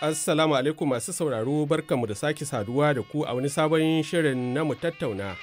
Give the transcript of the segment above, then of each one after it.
Assalamu alaikum masu sauraro barkanmu da sake saduwa da ku a wani sabon shirin na mu tattauna.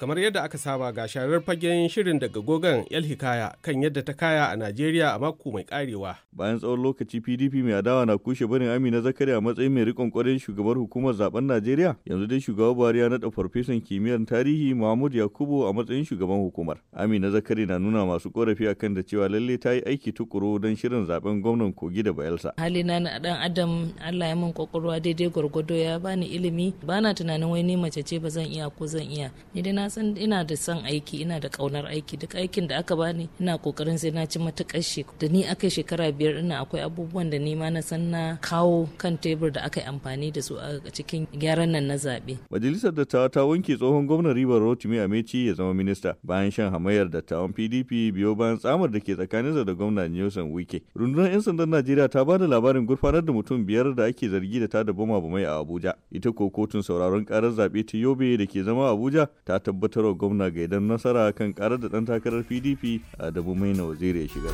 kamar yadda aka saba ga sharar fagen shirin daga gogon yal hikaya kan yadda ta kaya a najeriya a mako mai karewa bayan tsawon lokaci pdp mai adawa na kushe barin amina zakari a matsayin mai rikon kwarin shugabar hukumar zaben najeriya yanzu dai shugaba buhari ya naɗa farfesan kimiyyar tarihi mahmud yakubu a matsayin shugaban hukumar amina zakari na nuna masu korafi akan da cewa lalle ta yi aiki tukuru don shirin zaben gwamnan kogi da bayelsa hali na dan adam allah ya min kwakwalwa daidai gwargwado ya bani ilimi bana tunanin wai ni mace ce ba zan iya ko zan iya ni dai na san ina da son aiki ina da kaunar aiki duk aikin da aka bani ina kokarin sai na ci matukar shi da ni aka shekara biyar ina akwai abubuwan da ni ma na san na kawo kan tebur da aka yi amfani da su a cikin gyaran nan na zaɓe. Majalisar dattawa ta wanke tsohon gwamnan Ribar Rotimi Amechi ya zama minista bayan shan hamayar dattawan PDP biyo bayan tsamar da ke tsakaninsa da gwamna Nelson Wike. Rundunar 'yan sandan Najeriya ta ba da labarin gurfanar da mutum biyar da ake zargi da ta da bama bamai a Abuja. Ita ko kotun sauraron karar zaɓe ta Yobe da ke zama Abuja ta tabbatarwa gwamna ga idan nasara kan karar da ɗan takarar pdp a mai na waziri ya shigar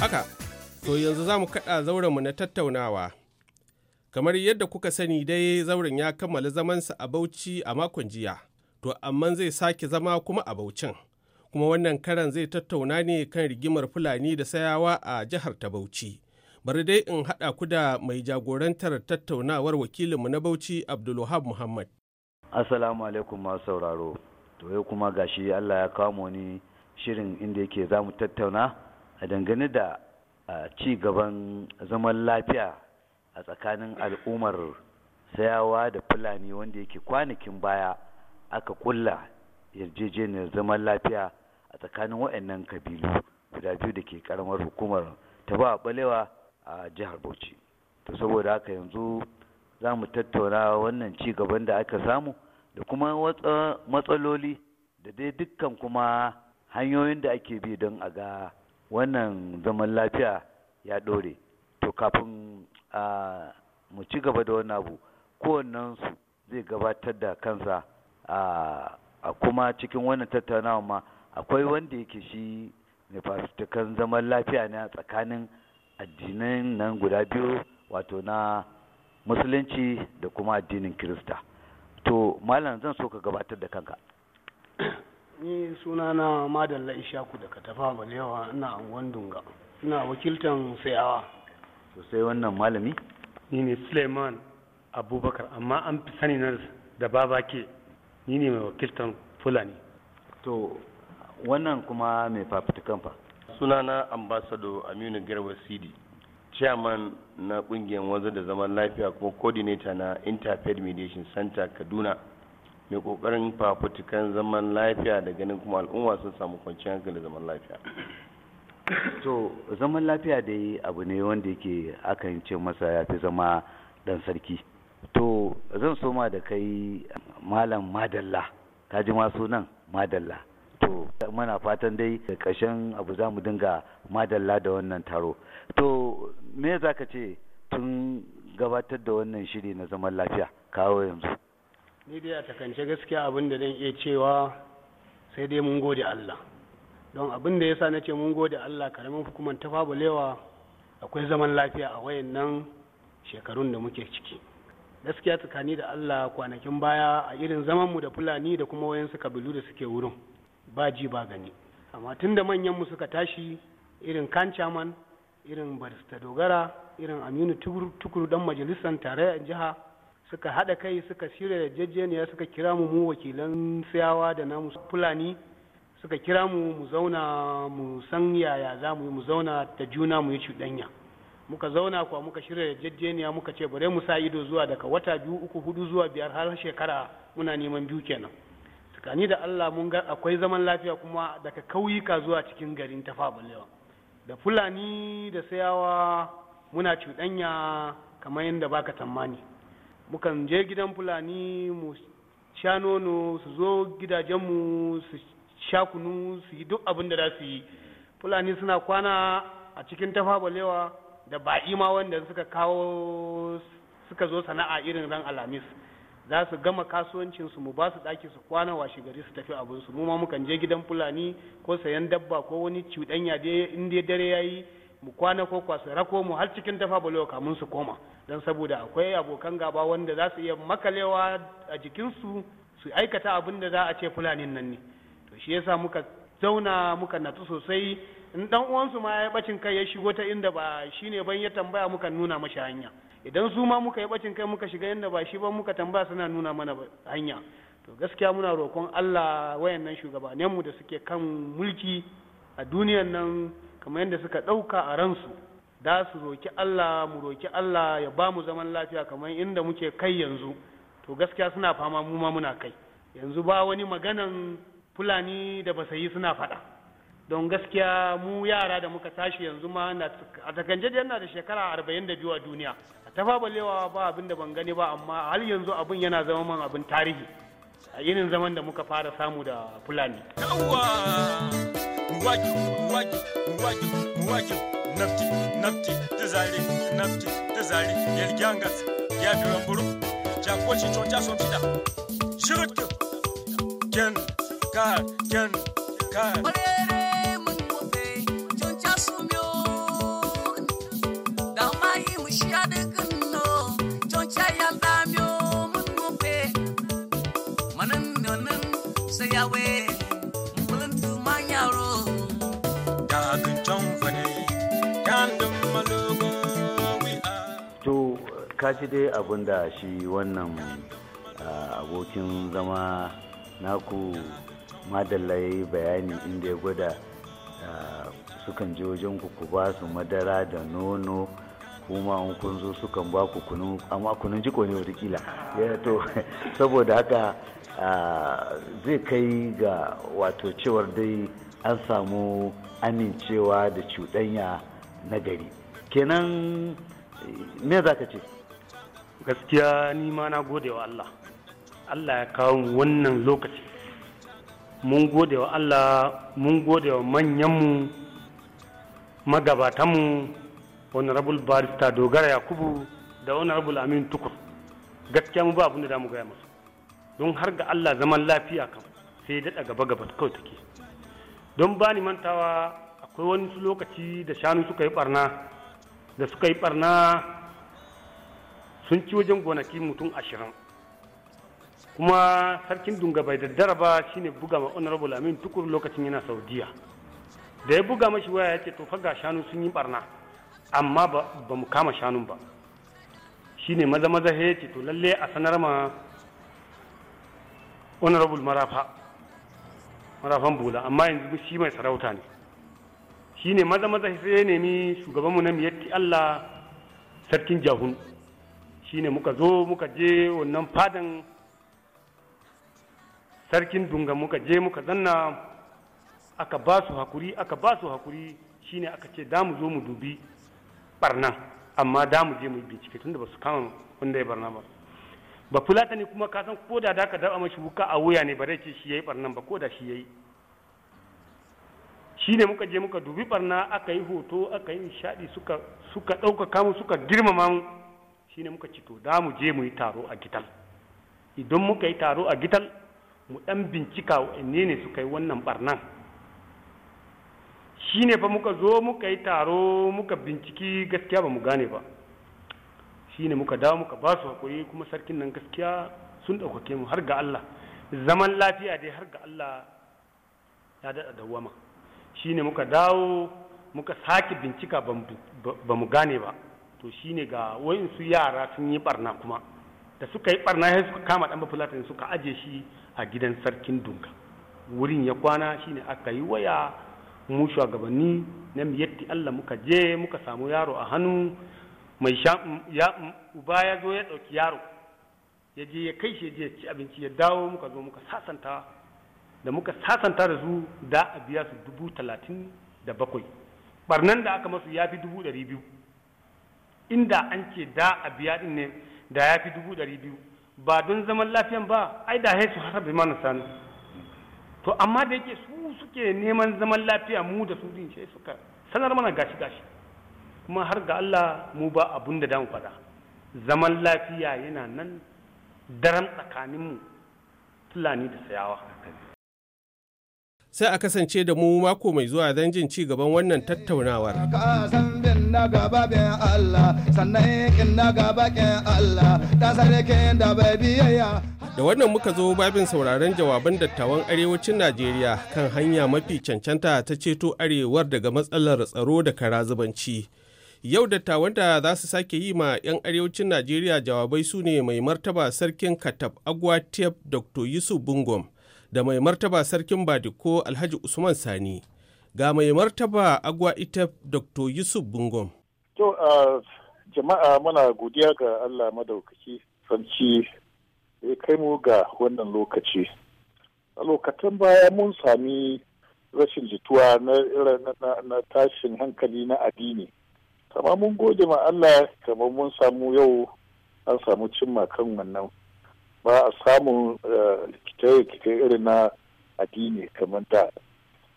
haka to yanzu za mu kaɗa mu na tattaunawa kamar yadda kuka sani dai zauren ya kammala zamansa a bauchi a makon jiya to amma zai sake zama kuma a baucin kuma wannan karan zai tattauna ne kan rigimar fulani da sayawa a jihar ta bauchi bari dai in haɗa ku da mai jagorantar tattaunawar wakilinmu na bauchi abdulwahab muhammad assalamu alaikum masu sauraro to yau kuma gashi allah ya kawo ni shirin inda yake za mu tattauna a dangane da ci gaban zaman lafiya a tsakanin al'ummar sayawa da fulani wanda yake kwanakin baya aka kulla yarjejeniyar zaman lafiya a tsakanin waɗannan kabilu guda biyu da ke karamar hukumar ta ba balewa a jihar bauchi to saboda haka yanzu za mu tattauna wannan ci gaban da aka samu da kuma matsaloli da dai dukkan kuma hanyoyin da ake bi don a ga wannan zaman lafiya ya ɗore to kafin mu ci gaba da wannan abu su zai gabatar da kansa a kuma cikin wannan tattaunawa ma akwai wanda yake shi ne fasitakan zaman lafiya ne a tsakanin addinan nan guda biyu wato na musulunci da kuma addinin kirista to malam zan so ka gabatar da kanka ni suna na madalla ishaku da katafa balewa ina angon dunga ina wakiltan sayawa sosai wannan malami ni ne suleiman abubakar amma an fi sani na da baba ke ni ne mai wakiltan fulani to wannan kuma mai fafutukan fa sunana ambasado aminu garba sidi chairman na kungiyar wanzu da zaman lafiya kuma coordinator na interfaith mediation center kaduna mai kokarin fafutukan zaman lafiya da ganin kuma al'umma sun samu kwanciyar hankali zaman lafiya to zaman lafiya da yi abu ne wanda yake akan ce masa ya fi zama dan sarki to zan soma da kai malam madalla ka ji ma sunan madalla muna fatan dai karshen abu za mu dinga madalla da wannan taro to me za ka ce tun gabatar da wannan shiri na zaman lafiya kawo yanzu ni dai a takance gaskiya abin da zan iya cewa sai dai mun gode Allah don abin da yasa nace mun gode Allah karamin hukumar ta fabulewa akwai zaman lafiya a wayannan shekarun da muke ciki gaskiya tsakani da Allah kwanakin baya a irin zamanmu da Fulani da kuma wayansu kabilu da suke wurin ba ji ba gani amma tun da manyanmu suka tashi irin kan chairman irin barista dogara irin aminu tukuru dan majalisar tarayyar jiha suka haɗa kai suka shirya da jejjeniya suka kira mu mu wakilan siyawa da namu fulani suka kira mu mu zauna mu san yaya za mu mu zauna ta juna mu yi cuɗanya muka zauna kuwa muka shirya da jejjeniya muka ce bare mu sa ido zuwa daga wata biyu uku hudu zuwa biyar har shekara muna neman biyu kenan tsakani da Allah mun ga akwai zaman lafiya kuma daga kauyuka zuwa cikin garin ta fabalewa da fulani da sayawa muna cuɗanya kamar yadda baka tsammani mukan je gidan fulani mu sha nono su zo gidajenmu su sha kunu su yi duk abin da za su yi fulani suna kwana a cikin tafa da ba'i ma wanda suka kawo suka zo sana'a irin ran alhamis za su gama kasuwancinsu mu ba su ɗaki su kwana washe gari su tafi su mu ma mukan je gidan fulani ko sayan dabba ko wani cuɗanya dai in dai dare yayi mu kwana ko kwasa rako mu har cikin tafa balewa kamun su koma don saboda akwai abokan gaba wanda za su iya makalewa a jikinsu su aikata abin da za a ce fulanin nan ne to shi yasa muka zauna muka natsu sosai in dan uwansu ma ya bacin kai ya shigo ta inda ba shine ban ya tambaya muka nuna mashi hanya idan su ma muka yi bacin kai muka shiga yadda ba shi ba muka tambaya suna nuna mana hanya to gaskiya muna roƙon Allah wayannan shugabanninmu da suke kan mulki a duniyan nan kamar yadda suka ɗauka a ransu da su roki Allah mu roki Allah ya ba mu zaman lafiya kamar inda muke kai yanzu to gaskiya suna fama mu ma muna kai yanzu ba wani maganan fulani da basayi suna faɗa don gaskiya mu yara da muka tashi yanzu ma a takanje yana da shekara arba'in da biyu a duniya ta balewa ba abin da ban gani ba amma har yanzu abin yana zama man abin tarihi a irin zaman da muka fara samu da fulani Shoot! nafti ta ken kar ken kar ka ji kashi dai abin da shi wannan abokin zama naku madallai bayani inda ya gwada sukan je wajen ku ba su madara da nono kuma an kun zo sukan ba ku kunu amma kunun jiko ne watakila to saboda haka zai kai ga wato cewar dai an samu amincewa da cuɗanya na gari kenan me za ka ce gaskiya ni ma na gode wa Allah Allah ya kawo wannan lokaci mun gode wa Allah mun gode wa manyanmu magabatanmu honorable barista dogara yakubu da honorable amin tukur gaskiya mu ba abin da mu gaya masu don har ga Allah zaman lafiya kam sai daɗa gaba gaba kawai take don bani mantawa akwai wani lokaci da shanu suka yi barna da suka yi barna sun ci wajen gonaki mutum ashirin kuma sarkin dunga bai daddara ba shine buga ma honorable amin tukur lokacin yana saudiya da ya buga mashi waya ya ce to faga shanu sun yi barna amma ba mu kama shanun ba shine maza maza ya ce to lalle a sanar ma honorable marafa marafan bola amma yanzu shi mai sarauta ne shi ne maza maza sai ya nemi shugabanmu na miyatti allah sarkin jahun shi ne muka zo muka je wannan fadan sarkin dunga muka je muka zanna aka ba su hakuri aka ba su hakuri ne aka ce da mu zo mu dubi barna amma da mu je mu bincike tunda ba su kama wanda ya barna ba ba fulatani kuma ka san ko da da ka daba mashi wuka a wuya ne ba zai ce shi yayi barnan ba ko da shi yayi shi ne muka je muka dubi barna aka yi hoto aka yi nishadi suka suka ɗaukaka mu suka girmama mu shi ne muka ci to da mu je mu yi taro a gital idan muka yi taro a gital mu ɗan bincika wa'anne ne suka yi wannan barnan shi ne fa muka zo muka yi taro muka binciki gaskiya ba mu gane ba shine muka dawo muka ba su hakuri kuma sarkin nan gaskiya sun ɗaukake mu har ga Allah zaman lafiya dai har ga Allah ya daɗa dawama shine muka dawo muka sake bincika ba mu gane ba to shine ga wayansu yara sun yi barna kuma da suka yi barna sai suka kama dan bafulatin suka aje shi a gidan sarkin dunga wurin ya kwana shine aka yi waya mu shugabanni na miyatti Allah muka je muka samu yaro a hannu mai sha ya uba ya zo ya ɗauki yaro ya je ya kai shi ya ci abinci ya dawo muka zo muka sasanta da muka sasanta da su da a biya su dubu talatin da bakwai barnan da aka masu ya fi dubu ɗari biyu inda an ce da a biya ɗin ne da ya fi dubu ɗari biyu ba don zaman lafiyan ba ai da haisu harbe mana sanu to amma da yake su suke neman zaman lafiya mu da su din sai suka sanar mana gashi gashi kuma har ga Allah mu ba abun da dan faɗa zaman lafiya yana nan daren tsakaninmu fulani da sayawa sai a kasance da mu mako mai zuwa don jin ci gaban wannan tattaunawar. Da wannan muka zo babin sauraron jawaban dattawan arewacin Najeriya kan hanya mafi cancanta ta ceto arewar daga matsalar tsaro da karazubanci. Yau dattawan wanda za su sake yi ma 'yan arewacin Najeriya jawabai su ne mai martaba sarkin Katab Agwatiyab Dr. Yusuf Bungom da mai martaba sarkin Badiko Alhaji Usman Sani. Ga mai martaba Agwa Itab Dr. Yusuf Bungom. To, jama'a muna godiya ga Allah madaukaki sanci ya kai mu ga wannan lokaci. A lokacin baya mun sami rashin jituwa na tashin hankali na addini. kamar mun gode ma Allah kamar mun samu yau an samu cimma kan wannan ba a samun eh, rikice-rikice irin na addini kamar da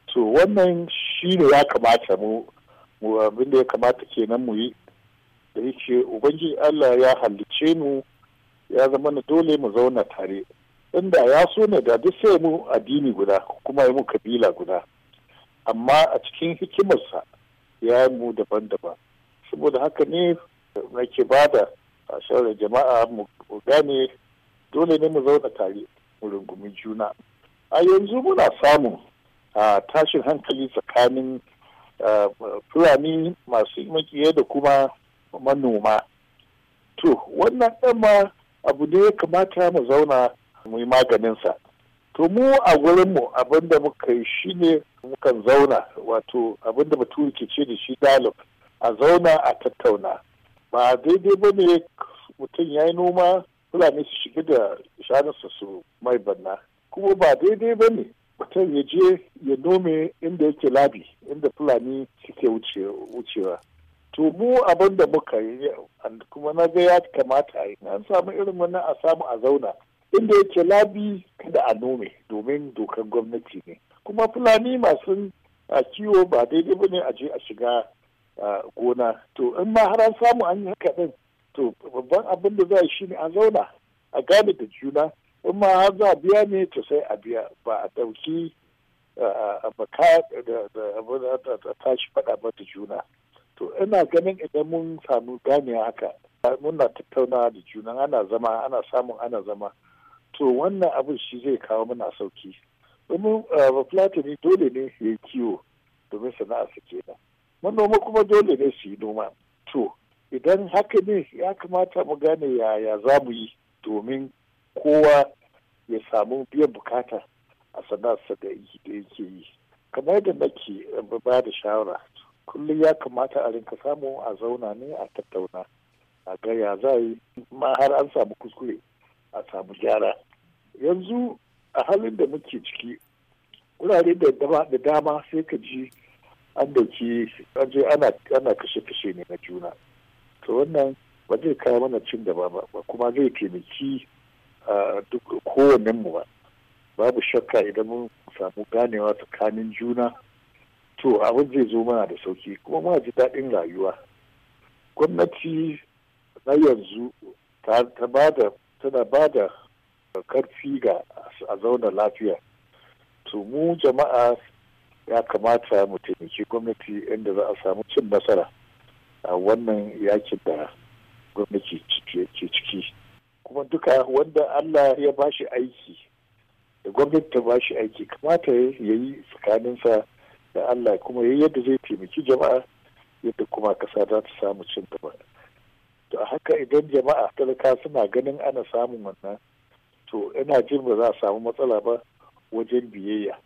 to wannan shi ne ya kamata mu abin da ya kamata kenan mu yi da yake ubangiji Allah ya halice mu ya zama na dole mu zauna tare inda ya so ne da duk sai mu addini guda kuma yi mu kabila guda amma a cikin hikimarsa ya mu daban-daban saboda haka ne nake ba da shawarar jama'a mu gane dole ne mu zauna tare mu rungumi juna a yanzu muna samun tashin hankali tsakanin fulani masu makiye da kuma manoma to wannan ma abu ne ya kamata mu zauna mu yi sa to mu a gurinmu abinda muka yi shine mukan zauna wato abinda mutum ke ce da shi dialogue a zauna a tattauna ba daidai ba ne mutum ya yi noma fulani su shiga da shanunsa su mai banna kuma ba daidai ba ne mutum ya je ya nome inda yake labi inda fulani suke wucewa to mu abin da muka yi kuma na ga ya kamata a yi an samu irin wannan a samu a zauna inda yake labi kada a nome domin dokar gwamnati ne kuma fulani masu a kiwo ba daidai ba ne a je a shiga gona to in ma har an samu an yi haka din to babban abin da za a shi ne a zauna a gane da juna in ma har za a biya ne to sai a biya ba a ɗauki baka da tashi faɗa da juna to ina ganin idan mun samu gane haka muna tattaunawa da juna ana zama ana samun ana zama to wannan abin shi zai kawo mana sauki domin bafulatani dole ne ya yi kiwo domin sana'a ke kenan manoma kuma dole ne su yi noma to idan haka ne ya kamata mu gane yaya za mu yi domin kowa ya samu biyan bukata a sana'arsa da yake yi kamar da nake eh, ba da shawara kullum ya kamata a rinka samu a zauna ne a tattauna a ga ya za yi ma har an samu kuskure a samu gyara yanzu a halin da muke ciki wurare da dama sai ka ji an dauki an je ana kashe-kashe ne na juna to wannan ba zai kawo mana cin gaba ba kuma zai taimaki duk kowannen mu ba babu shakka idan mun samu ganewa tsakanin juna to abin zai zo mana da sauki kuma ma ji daɗin rayuwa gwamnati na yanzu ta bada tana ba karfi ga a zauna lafiya to mu jama'a ya kamata mu taimaki gwamnati inda za a samu cin nasara a wannan yakin da gwamnati ke ciki kuma duka wanda allah ya bashi aiki da gwamnati ta bashi aiki kamata ya yi tsakaninsa da allah kuma ya yadda zai taimaki jama'a yadda kuma kasa za ta samu cin gaba to a haka idan jama'a talaka suna ganin ana samun wannan to ina jin ba za a samu matsala ba wajen biyayya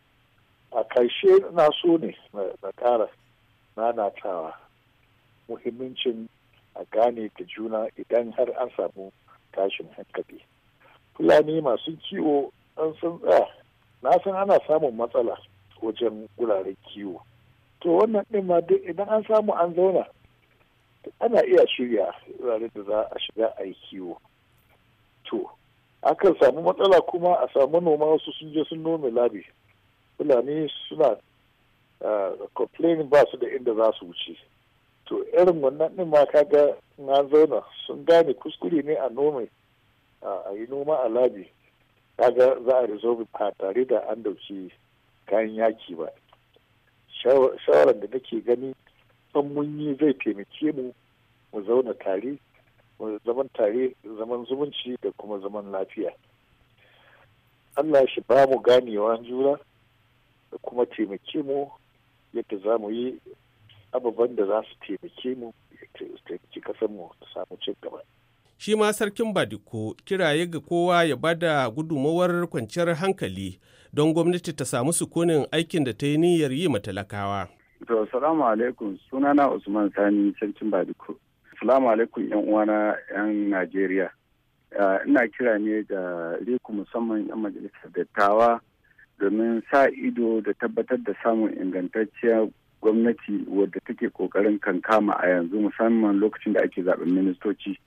a karshe na so ne na ƙara nanatawa muhimmancin a gane da juna idan har an samu tashin hankali fulani masu kiwo an san tsaya na san ana samun matsala wajen wuraren kiwo to wannan ɗin ma duk idan an samu an zauna ana iya shirya wuraren da za a shiga a yi kiwo to akan samu matsala kuma a samu noma wasu sun je sun nome labi fulani suna ah, complaining ba su da inda za su wuce to irin wannan ɗin ma kaga na zauna sun gane kuskure ne a nome a yi noma a labi kaga za a resolve ba tare da an dauki kayan yaki ba shawarar da nake gani ɗan mun yi zai taimake mu mu zauna tare zaman tare zaman zumunci da kuma zaman lafiya allah shi ba mu ganewa juna kuma taimake mu yadda za mu yi ababen da za su taimake mu taimaki kasar mu ta samu cin gaba. Shi ma sarkin Badiko kiraye ga kowa ya bada gudumawar kwanciyar hankali don gwamnati ta samu sukunin aikin da ta yi niyyar yi matalakawa. To, salamu alaikum sunana Usman Sani sarkin Badiko. Salamu alaikum yan uwana yan Najeriya. Ah, ina kira ne da riku musamman yan majalisar dattawa domin sa ido da tabbatar da samun ingantacciyar gwamnati wadda take kokarin kankama a yanzu musamman lokacin da ake zaben ministoci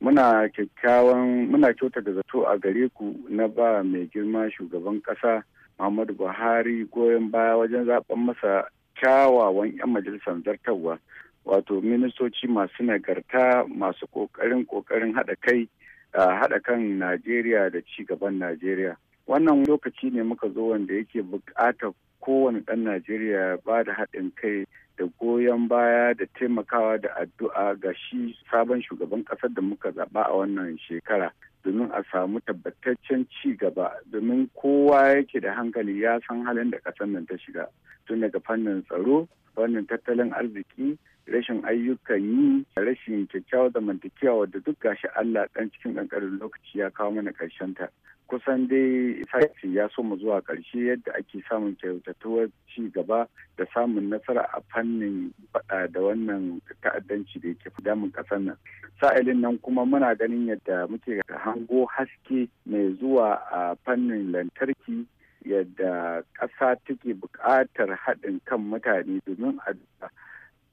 muna kyakkyawan muna kyauta da zato a gare ku na ba mai girma shugaban kasa muhammadu buhari goyon baya wajen zaben masa kyawawan 'yan majalisar zartarwa wato ministoci masu nagarta masu kokarin kokarin hada kai hada kan najeriya da ci gaban najeriya wannan lokaci ne muka zo wanda yake buƙatar kowane ɗan najeriya ba da haɗin kai da goyon baya da taimakawa da addu'a ga shi sabon shugaban ƙasar da muka zaɓa a wannan shekara domin a samu tabbataccen ci gaba domin kowa yake da hankali ya san halin da ƙasar nan ta shiga tun daga fannin tsaro fannin tattalin arziki rashin ayyukan yi rashin kyakkyawar zamantakewa da duk gashi Allah dan cikin kankarin lokaci ya kawo mana karshen ta kusan dai sashi ya so mu zuwa karshe yadda ake samun kyautatuwar ci gaba da samun nasara a fannin faɗa da wannan ta'addanci da yake damun kasar nan sa'ilin nan kuma muna ganin yadda muke hango haske mai zuwa a fannin lantarki yadda ƙasa take buƙatar haɗin kan mutane domin a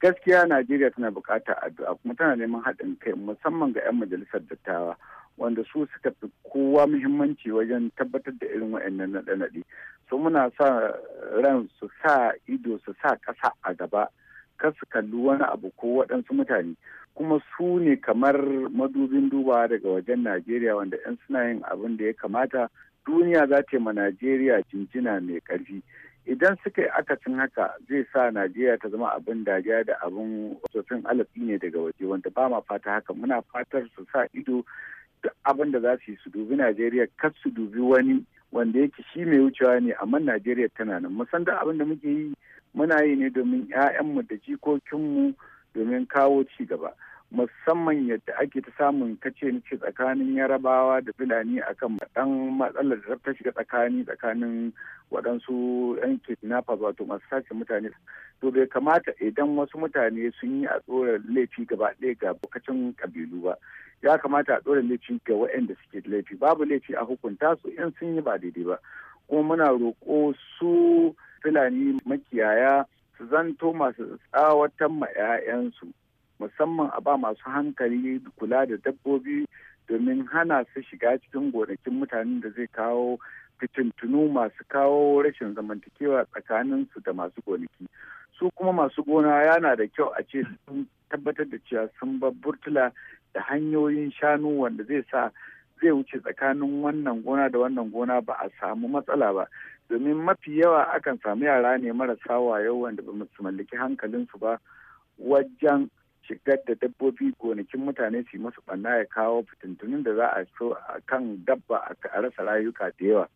gaskiya najeriya tana bukata addu'a kuma tana neman haɗin kai musamman ga 'yan majalisar dattawa wanda su suka fi kowa muhimmanci wajen tabbatar da irin wa'annan naɗe-naɗe su muna sa ran su sa ido su sa ƙasa a gaba kar su kalli wani abu ko waɗansu mutane kuma su ne kamar madubin dubawa daga wajen najeriya wanda 'yan suna yin abin da ya kamata duniya za ta yi ma najeriya jinjina mai ƙarfi idan suka yi akasin haka zai sa najeriya ta zama abin dariya da abin sosin alafi ne daga waje wanda ba ma fata haka muna fatar su sa ido da abin da za su yi su dubi najeriya kar su dubi wani wanda yake shi mai wucewa ne amma najeriya tana nan musan da abin da muke yi muna yi ne domin 'ya'yanmu da jikokinmu domin kawo ci gaba musamman yadda ake ta samun kace nace tsakanin yarabawa da fulani akan dan matsalar da ta shiga tsakani tsakanin waɗansu yan kidnappers wato masu sace mutane to bai kamata idan wasu mutane sun yi a tsoron laifi gaba ɗaya ga bukacin kabilu ba ya kamata a tsoron laifi ga waɗanda suke laifi babu laifi a hukunta su in sun yi ba daidai ba kuma muna roƙo su fulani makiyaya su zanto masu tsawatan ma 'ya'yansu musamman a ba masu hankali kula da dabbobi domin hana su shiga cikin gonakin mutanen da zai kawo fitintunu masu kawo rashin zamantakewa tsakanin su da masu gonaki su kuma masu gona yana da kyau a ce sun tabbatar da cewa sun bar burtula da hanyoyin shanu wanda zai sa zai wuce tsakanin wannan gona da wannan gona ba a samu matsala ba domin mafi yawa akan samu yara ne marasa wayo wanda ba su mallaki hankalinsu ba wajen shigar da dabbobi gonakin mutane su masu ɓanna ya kawo fitintunin da za a so a kan dabba a rasa rayuka da yawa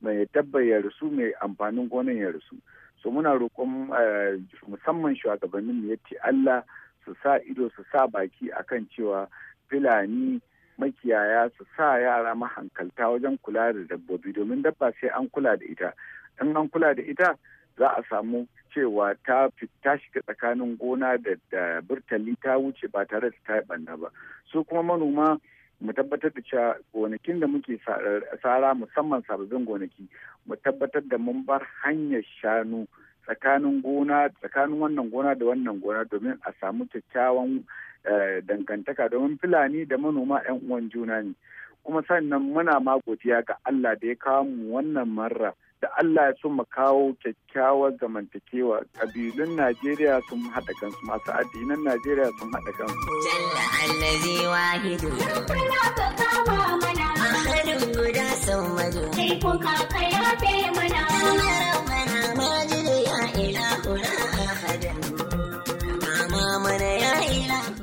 mai dabba ya rasu mai amfanin gonan ya rasu so muna roƙon eh, musamman shugabannin mu ce Allah su sa ido su sa baki akan cewa filani makiyaya su sa yara mahankalta wajen kula da dabbobi domin dabba sai an kula da ita an kula da ita za a samu cewa ta ta shiga tsakanin gona da burtali ta wuce ba tare da ta yi banna ba su kuma manoma mu tabbatar da cewa gonakin da muke tsara musamman sabbin gonaki mu tabbatar da mun bar hanyar shanu tsakanin gona tsakanin wannan gona da wannan gona domin a samu kyakkyawan eh, dangantaka domin fulani da manoma 'yan uwan juna ne kuma sannan muna ma godiya ga Allah da ya kawo mu wannan marra da Allah ya so mu kawo kyakkyawar zamantakewa kabilun Najeriya sun haɗa kansu masu addinan Najeriya sun haɗa kansu. Jalla allazi wahidu. mana. guda Kai kuka mana.